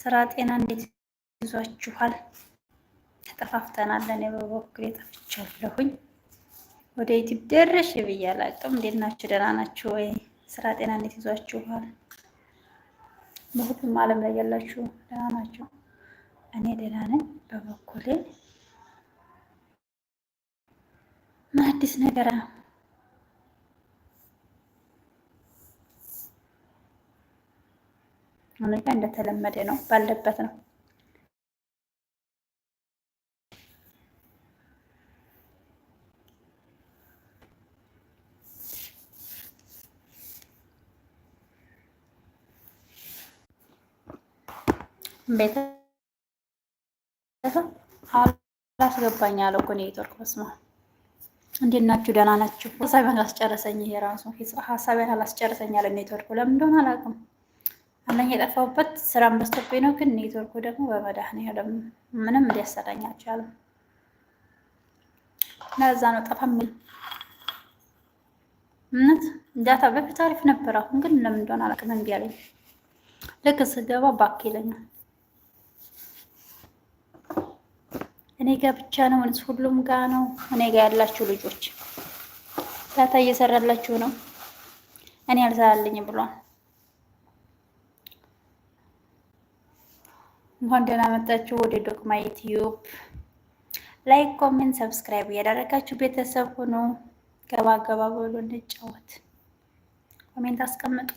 ስራ ጤና እንዴት ይዟችኋል? ተጠፋፍተናል። እኔ በበኩሌ ጠፍቻለሁኝ። ወደ ዩቲብ ደረሽ ብያላቅም። እንዴት ናችሁ? ደህና ናችሁ ወይ? ስራ ጤና እንዴት ይዟችኋል? በሁሉም ዓለም ላይ ያላችሁ ደህና ናችሁ? እኔ ደህና ነኝ በበኩሌ። ምን አዲስ ነገር ነው? አሁን ላይ እንደተለመደ ነው ባለበት ነው። ቤተሰብ አላስገባኝ አለው እኮ ነው የጦር ኮስማ እንዴት ናችሁ? ደህና ናችሁ? ሀሳቤን አላስጨረሰኝ ይሄ ራሱ ሀሳቤን አላስጨረሰኝ አለ ኔትወርኩ። ለምን እንደሆነ አላውቅም። አንደኛ የጠፋሁበት ስራም በዝቶብኝ ነው፣ ግን ኔትወርኩ ደግሞ በመድኃኒዓለም ምንም ሊያሰራኝ አልቻለም። ለዛ ነው ጠፋ የሚል እምነት ዳታ በፊት አሪፍ ነበር። አሁን ግን ለምን እንደሆነ አላውቅም እምቢ አለኝ። ልክ ስገባ ባክ ይለኛል። እኔ ጋር ብቻ ነው ወይስ ሁሉም ጋር ነው? እኔ ጋር ያላችሁ ልጆች ዳታ እየሰራላችሁ ነው? እኔ አልሰራልኝም ብሏል። እንኳን ደህና መጣችሁ ወደ ዶክማ ዩቲዩብ። ላይክ፣ ኮሜንት፣ ሰብስክራይብ እያደረጋችሁ ቤተሰብ ሁኑ። ገባ ገባ ብሎ እንጫወት። ኮሜንት አስቀምጡ።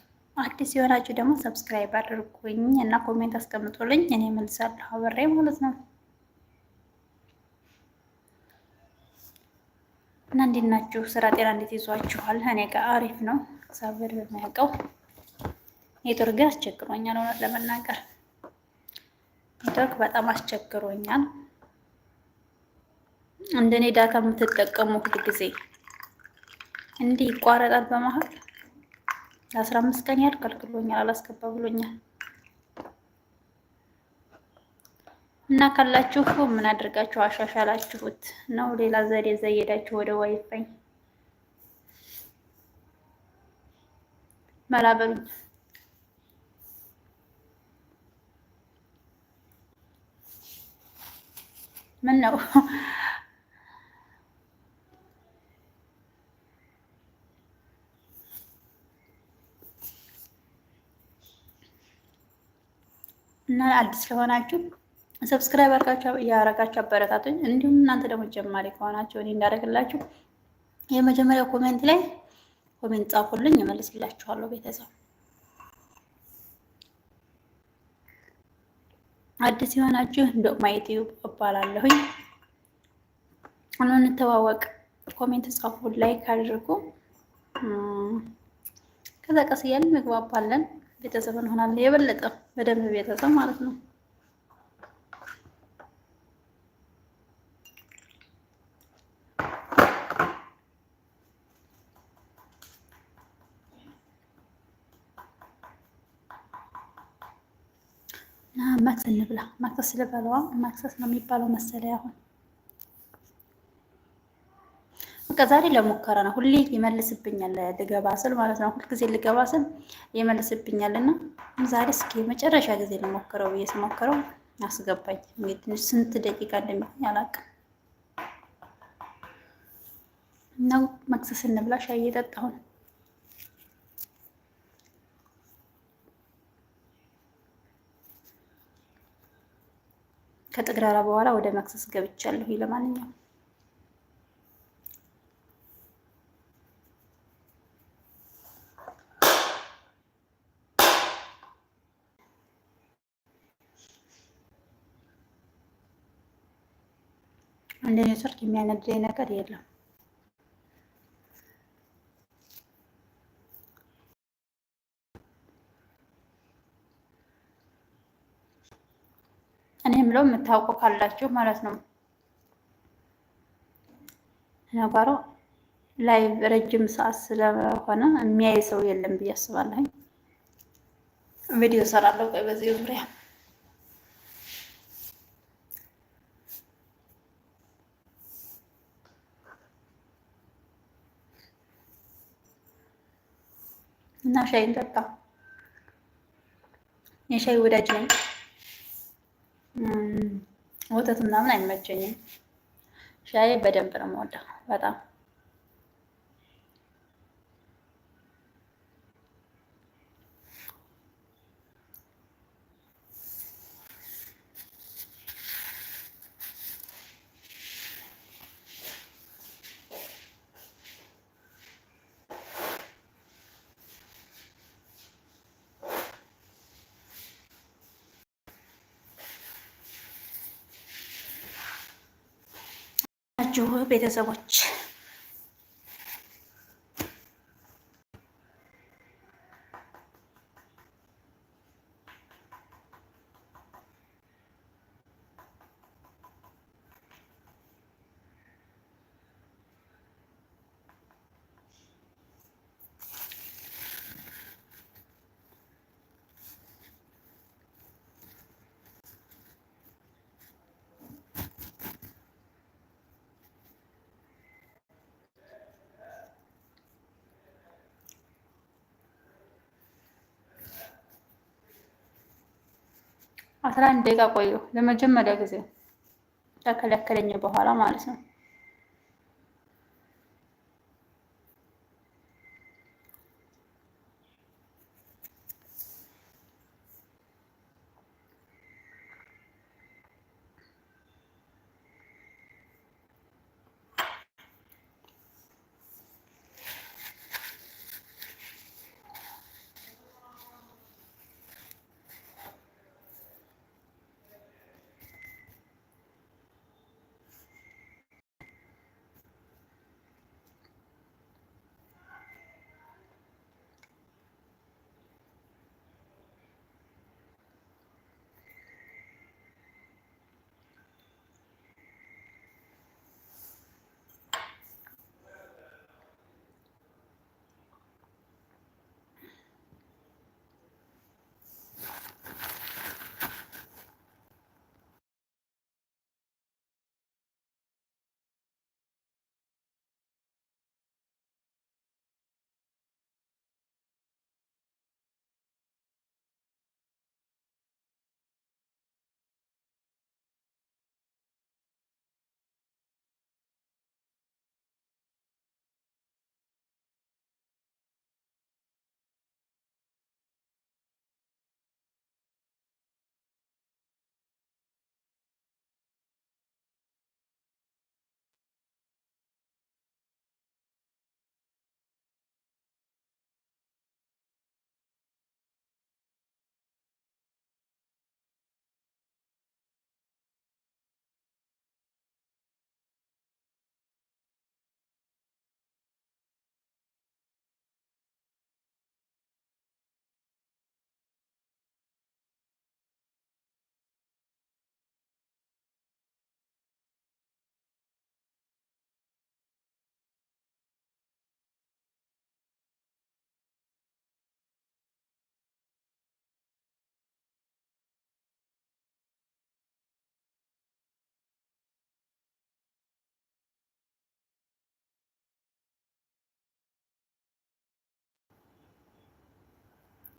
አዲስ የሆናችሁ ደግሞ ሰብስክራይብ አድርጉኝ እና ኮሜንት አስቀምጡልኝ፣ እኔ መልሳለሁ አብሬ ማለት ነው። እና እንዴት ናችሁ? ስራ ጤና እንዴት ይዟችኋል? እኔ ጋር አሪፍ ነው፣ እግዚአብሔር በሚያውቀው። ኔትወርክ ግን አስቸግሮኛል እውነት ለመናገር ቲክቶክ በጣም አስቸግሮኛል። እንደኔ ዳታ የምትጠቀሙ ሁል ጊዜ እንዲህ ይቋረጣል በመሀል ለአስራ አምስት ቀን ያህል ከልክሎኛል፣ አላስገባ ብሎኛል። እና ካላችሁ ምን አድርጋችሁ አሻሻላችሁት ነው? ሌላ ዘዴ ዘየዳችሁ ወደ ዋይፋይ መላበሉኝ ምን ነው እና አዲስ ከሆናችሁ ሰብስክራይብ አርጋችሁ ያረጋችሁ አበረታቱኝ። እንዲሁም እናንተ ደግሞ ጀማሪ ከሆናችሁ እኔ እንዳደረግላችሁ የመጀመሪያው ኮሜንት ላይ ኮሜንት ጻፉልኝ፣ እመልስላችኋለሁ ቤተሰብ አዲስ የሆናችሁ እንደው ዩቲዩብ እባላለሁኝ። እንተዋወቅ። ኮሜንት ጻፉ፣ ላይክ አድርጉ። ከዛ ቀስ እያልን እንግባባለን፣ ቤተሰብ እንሆናለን። የበለጠ በደንብ ቤተሰብ ማለት ነው። እና ማክሰስ እንብላ። ማክሰስ ልበለዋ ማክሰስ ነው የሚባለው መሰለኝ። አሁን በቃ ዛሬ ለሙከራ ነው። ሁሌ ይመልስብኛል ልገባ ስል ማለት ነው። ሁልጊዜ ልገባ ስል ይመልስብኛል እና ዛሬ እስኪ መጨረሻ ጊዜ ልሞክረው ብዬ ስሞክረው አስገባኝ። እንግዲህ ስንት ደቂቃ እንደሚሆን አላውቅም። እና ማክሰስ እንብላ ሻይ እየጠጣሁ ነው ከጥግራራ በኋላ ወደ መክሰስ ገብቻለሁ። ለማንኛውም እንደኔ ሰርክ የሚያነድደኝ ነገር የለም። እኔ ምለው የምታውቁ ካላችሁ ማለት ነው። ነገሩ ላይ ረጅም ሰዓት ስለሆነ የሚያይ ሰው የለም ብዬ አስባለሁ። ቪዲዮ ሰራለሁ ቆይ በዚህ ዙሪያ እና ሻይ እንጠጣ። የሻይ ወዳጅ ነኝ። ወተት ምናምን አይመቸኝም። ሻይ በደንብ ነው የምወደው በጣም 就会北的时候。አስራ አንድ ደቂቃ ቆየሁ ለመጀመሪያ ጊዜ ተከለከለኝ በኋላ ማለት ነው።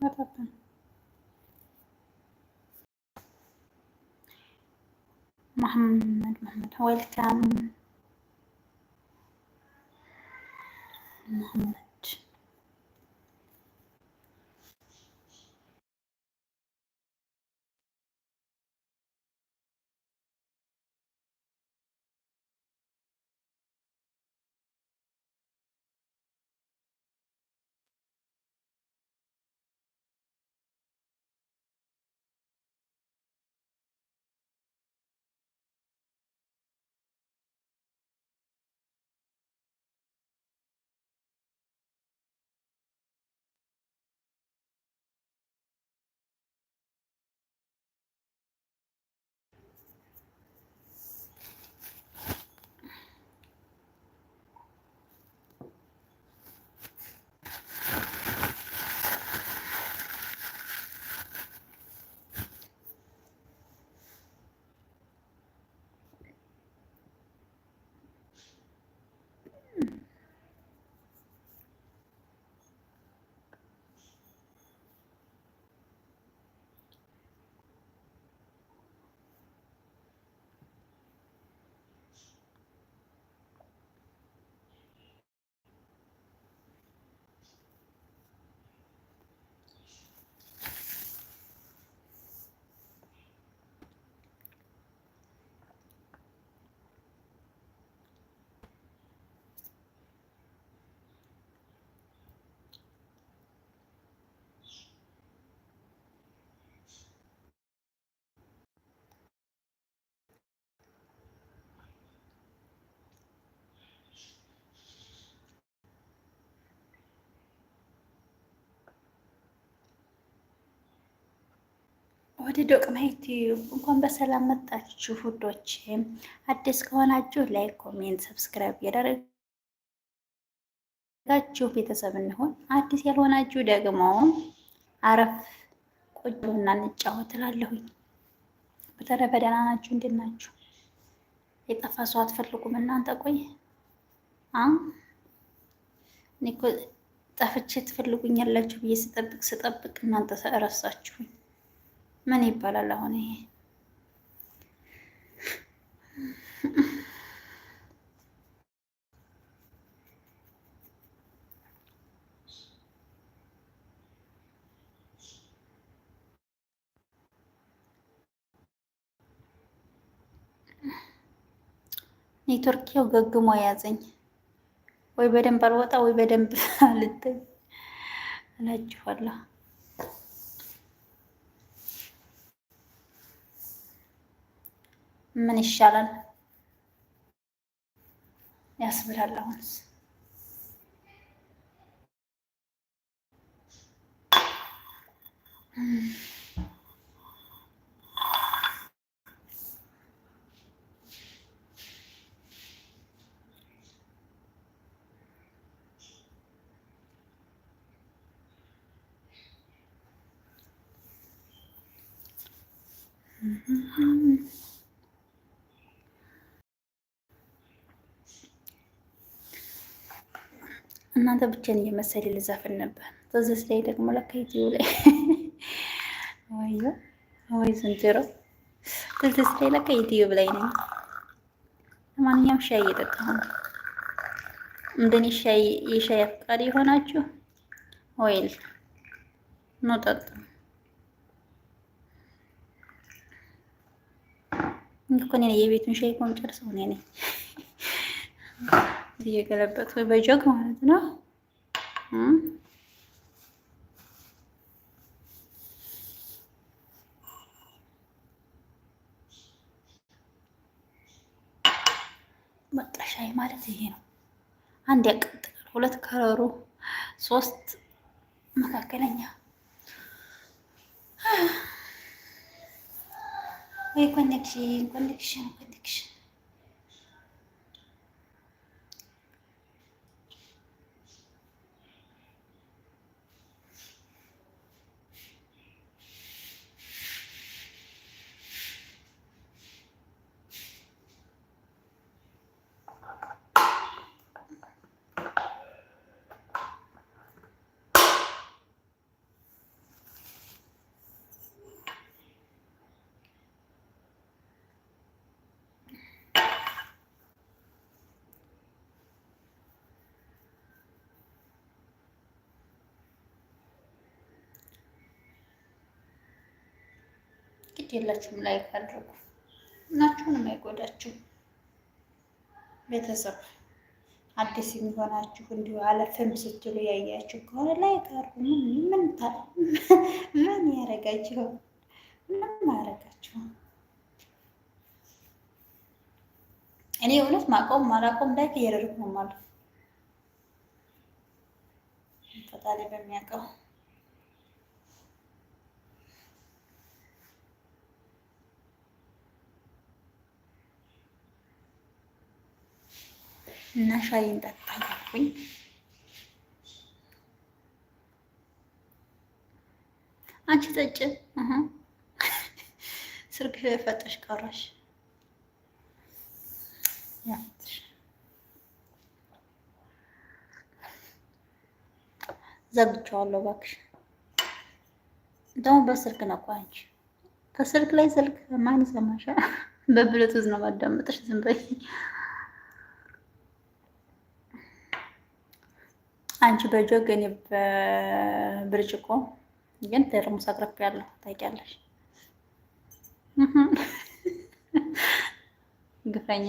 መጣጣን መሐመድ መሐመድ ዌልካም ወደ ዶቅማይት እንኳን በሰላም መጣችሁ ውዶች። አዲስ ከሆናችሁ ላይክ፣ ኮሜንት፣ ሰብስክራይብ ያደረጋችሁ ቤተሰብ እንሆን። አዲስ ያልሆናችሁ ደግሞ አረፍ ቁጭ እና እንጫወት እላለሁኝ። በተረፈ ደህና ናችሁ? እንዴት ናችሁ? የጠፋ ሰው አትፈልጉም እናንተ? ቆይ እኔ እኮ ጠፍቼ ትፈልጉኛላችሁ ብዬ ስጠብቅ ስጠብቅ እናንተ ረሳችሁኝ። ምን ይባላል አሁን ይሄ? ኔትወርክ ያው ገግሞ ያዘኝ። ወይ በደንብ አልወጣ ወይ በደንብ አልተኝ እላችኋለሁ። ምን ይሻላል ያስብላል። አሁንስ እናንተ ብቻን እየመሰል ልዛፍን ነበር። ተዘስ ላይ ደግሞ ለካ ዩቲዩብ ላይ ወዮ ወይ ዝንጀሮ ተዘስ ላይ ለካ ዩቲዩብ ላይ ነኝ። ለማንኛውም ሻይ እየጠጣሁ ነው። እንደኔ ሻይ የሻይ አፍቃሪ የሆናችሁ ወይል ኑ ጠጡ። እንኳን የቤቱን ሻይ ቆም ነኝ እየገለበጥ ወይ በጆግ ማለት ነው። መጠሻይ ማለት ይሄ ነው። አንድ ያቀጥላል፣ ሁለት ከረሩ፣ ሶስት መካከለኛ ወይ ኮኔክሽን ኮኔክሽን ኮኔክሽን ግድ የላችሁም ላይክ አድርጉ። እናችሁንም አይጎዳችሁም። ቤተሰብ አዲስ የሚሆናችሁ እንዲሁ አለፍም ስትሉ ያያችሁ ከሆነ ላይክ አድርጉ። ምን ምን ያረጋችሁ? ምንም አያደርጋችሁም። እኔ እውነት ማቆም ማላቆም ላይክ እያደረግኩ ነው ማለት ፈጣሪ በሚያውቀው እና ሻይን ጠጣ አንቺ ጠጭ ስርግ ፈጠሽ ቀረሽ ዘግቼዋለሁ። እባክሽ ደግሞ በስልክ ነው እኮ አንቺ ላይ ስልክ ማን ይሰማሻል? በብለቱዝ ነው ማዳመጥሽ። ዝም በይ አንቺ በጆግ እኔ በብርጭቆ ግን ተርሙስ ያለው ታውቂያለሽ? ግፈኛ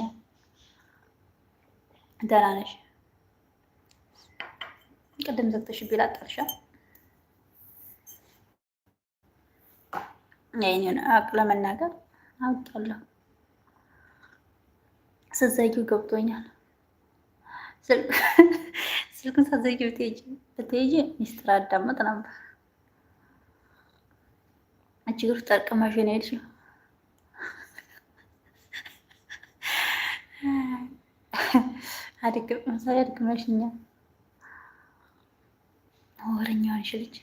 ደህና ነሽ? ቅድም ዘግተሽ ቢላ አጣርሻ የእኔን አቅ ለመናገር አውቃለሁ። ስዘጊው ገብቶኛል። ስልክን ሳዘጊ ብትሄጂ ሚስጥር አዳመጥ ነበር። አንቺ ግር ጠርቅመሽ ነው የሄድሽው። አድግ ምሳሌ አድግመሽኛል። ወረኛ ሆንሽ ልጅ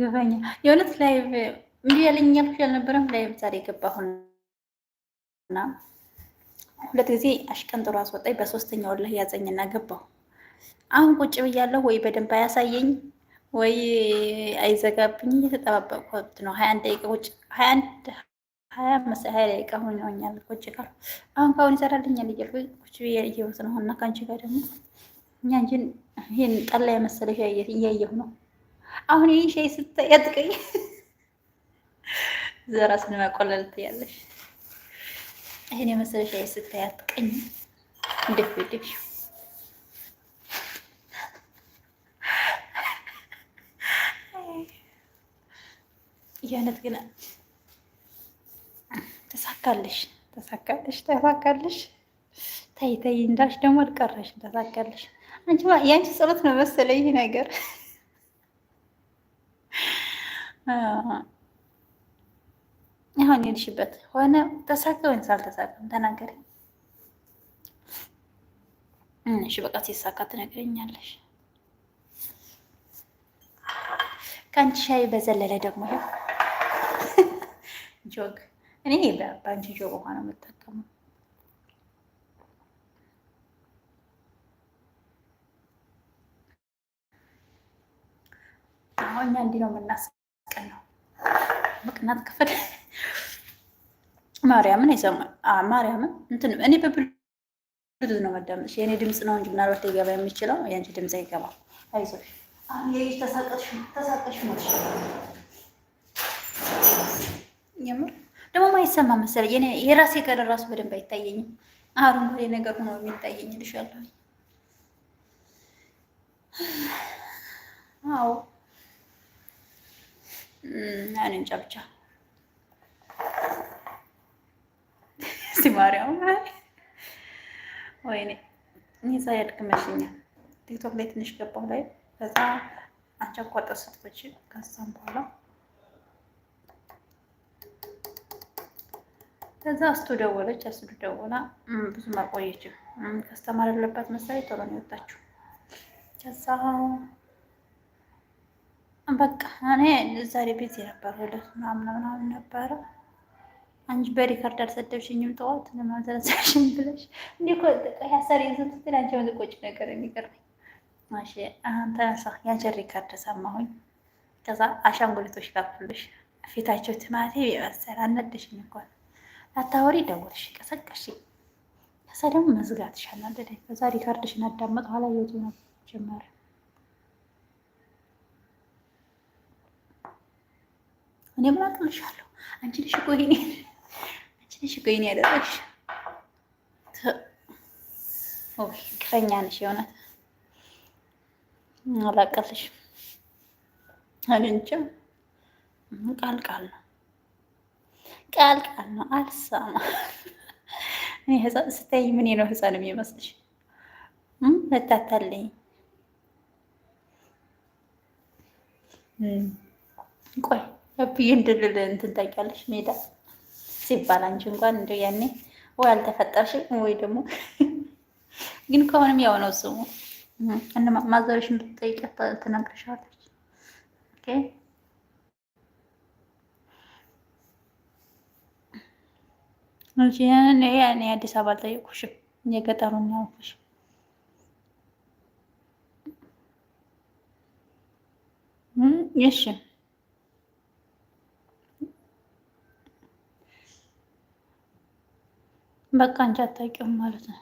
ግፈኛ የእውነት ላይ እንዲህ ያለኛ ያልነበረም ላይቭ ዛሬ ገባሁና ሁለት ጊዜ አሽቀንጥሮ አስወጣኝ። በሶስተኛው ላይ ያዘኝና ገባሁ። አሁን ቁጭ ብያለሁ። ወይ በደንብ አያሳየኝ ወይ አይዘጋብኝ። እየተጠባበቅኩት ነው። ሀያ አንድ ደቂቃ ቁጭ ሀያ አንድ ሀያ መሳይ ሀያ ደቂቃ ሆኛል ቁጭ ጋር አሁን ከአሁን ይሰራልኛል እያልኩ ቁጭ እየወት ነው እና ከአንቺ ጋር ደግሞ እኛ እንጂን ይህን ጠላ የመሰለ እያየሁ ነው አሁን ይህ ሻይ ስታይ ዘራ ዘራስን መቆለል ትያለሽ ይሄን የመሰለሽ ስታያት ቀኝ እንደፈደሽ የእውነት ግን ተሳካለሽ፣ ተሳካለሽ፣ ተሳካለሽ። ተይ ተይ እንዳልሽ ደግሞ አልቀረሽም፣ ተሳካለሽ። አንቺ የአንቺ ጸሎት ነው መሰለኝ ይሄ ነገር ይሁን ይልሽበት ሆነ ተሳካ ወይም ሳልተሳካም ተናገሪ። እሺ በቃ ሲሳካ ትነግረኛለሽ። ከአንቺ ሻይ በዘለለ ደግሞ ጆግ እኔ በአንቺ ጆግ ውሃ ነው የምጠቀመው። አሁን እኛ እንዲህ ነው የምናስቀን ነው ምቅናት ክፍል ማርያምን ማርያምን እንትን እኔ በብሉቱዝ ነው መዳመጥሽ። የእኔ ድምፅ ነው እንጂ ምናልባት ሊገባ የሚችለው የአንቺ ድምፅ አይገባም። አይዞሽ ተሳቀሽ ሞች የምር ደግሞ ማይሰማ መሰለኝ። የራሴ ቀደር ራሱ በደንብ አይታየኝም። አረንጓዴ ነገር ሆኖ የሚታየኝ ልሻለሁ። አዎ እኔ እንጃ ብቻ ሲማርያም ወይኔ ኒዛ ያድግመሽኛል። ቲክቶክ ላይ ትንሽ ገባሁ ላይ ከዛ አንቸኳጠ ስቶች ከዛም በኋላ ከዛ እሱ ደወለች። እሱ ደወላ ብዙም አልቆየችም። ከስተማር ያለባት መሰለኝ ቶሎ ነው የወጣችው። ከዛ በቃ እኔ ዛሬ ቤት የነበረ ሁለት ምናምን ምናምን ነበረ አንቺ በሪከርድ አልሰደብሽኝም ጠዋት ለማዘረሰሽኝ ብለሽ እንዲ እንዲያሰሪ ስትል አንቺ መዝቆጭ ነገር የሚገርመኝ ማሽ አሁን ተነሳ የአንቺን ሪከርድ ሰማሁኝ። ከዛ አሻንጉሊቶች ካፍሉሽ ፊታቸው ትማቴ የመሰለ አነደሽኝ። እንኳን ላታወሪ ደወልሽ ቀሰቀሽ። ከዛ ደግሞ መዝጋትሽ አናደደኝ። ከዛ ሪከርድሽን አዳመጥ ኋላ የወጡ ነበር ጀመረ እኔ ምን አቅልሻለሁ አንቺ ልሽ ቆይ ትንሽ ገይን ያደረግሽ ግፈኛ ነሽ። የሆነ አላቀልሽ አግኝቼም ቃል ቃል ነው ቃል ቃል ነው አልሰማ እኔ ህፃን ስታይ ምን ነው ህፃን የሚመስልሽ? መታታለኝ ቆይ ብዬ እንድልል እንትን ታውቂያለሽ ሜዳ ሲባል አንቺ እንኳን እንደ ያኔ ወይ አልተፈጠርሽም ወይ ደግሞ ግን ከሆነም ያው ነው ስሙ እና ማዘርሽን ብትጠይቀት ትነግርሻለች። ኦኬ እንጂ ያኔ አዲስ አበባ አልጠየኩሽም፣ የገጠሩን ያልኩሽ እሺ በቃ አንቺ አታውቂውም ማለት ነው።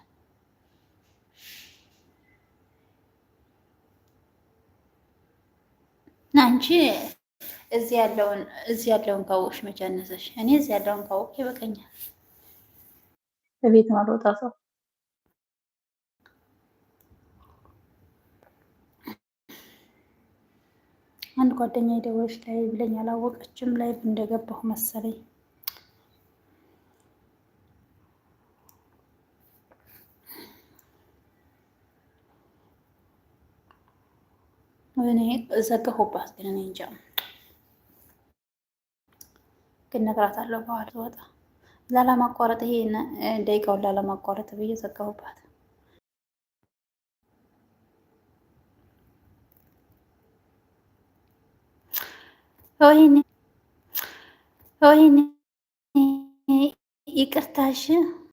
አንቺ እዚህ ያለውን እዚህ ያለውን ካወቅሽ እኔ እዚህ ያለውን ካወቅ ይበቀኛል። በቤት ማልወጣ ሰው አንድ ጓደኛ የደወለች ላይ ብለኝ አላወቀችም ላይ እንደገባሁ መሰለኝ እኔ ዘገሁባት ግን እኔ እንጃ ግን እነግራታለሁ በኋላ ወጣ ላለማቋረጥ ይሄ ደቂቃውን ላለማቋረጥ ብዬ ዘገሁባት። ወይኔ ወይኔ ይቅርታሽ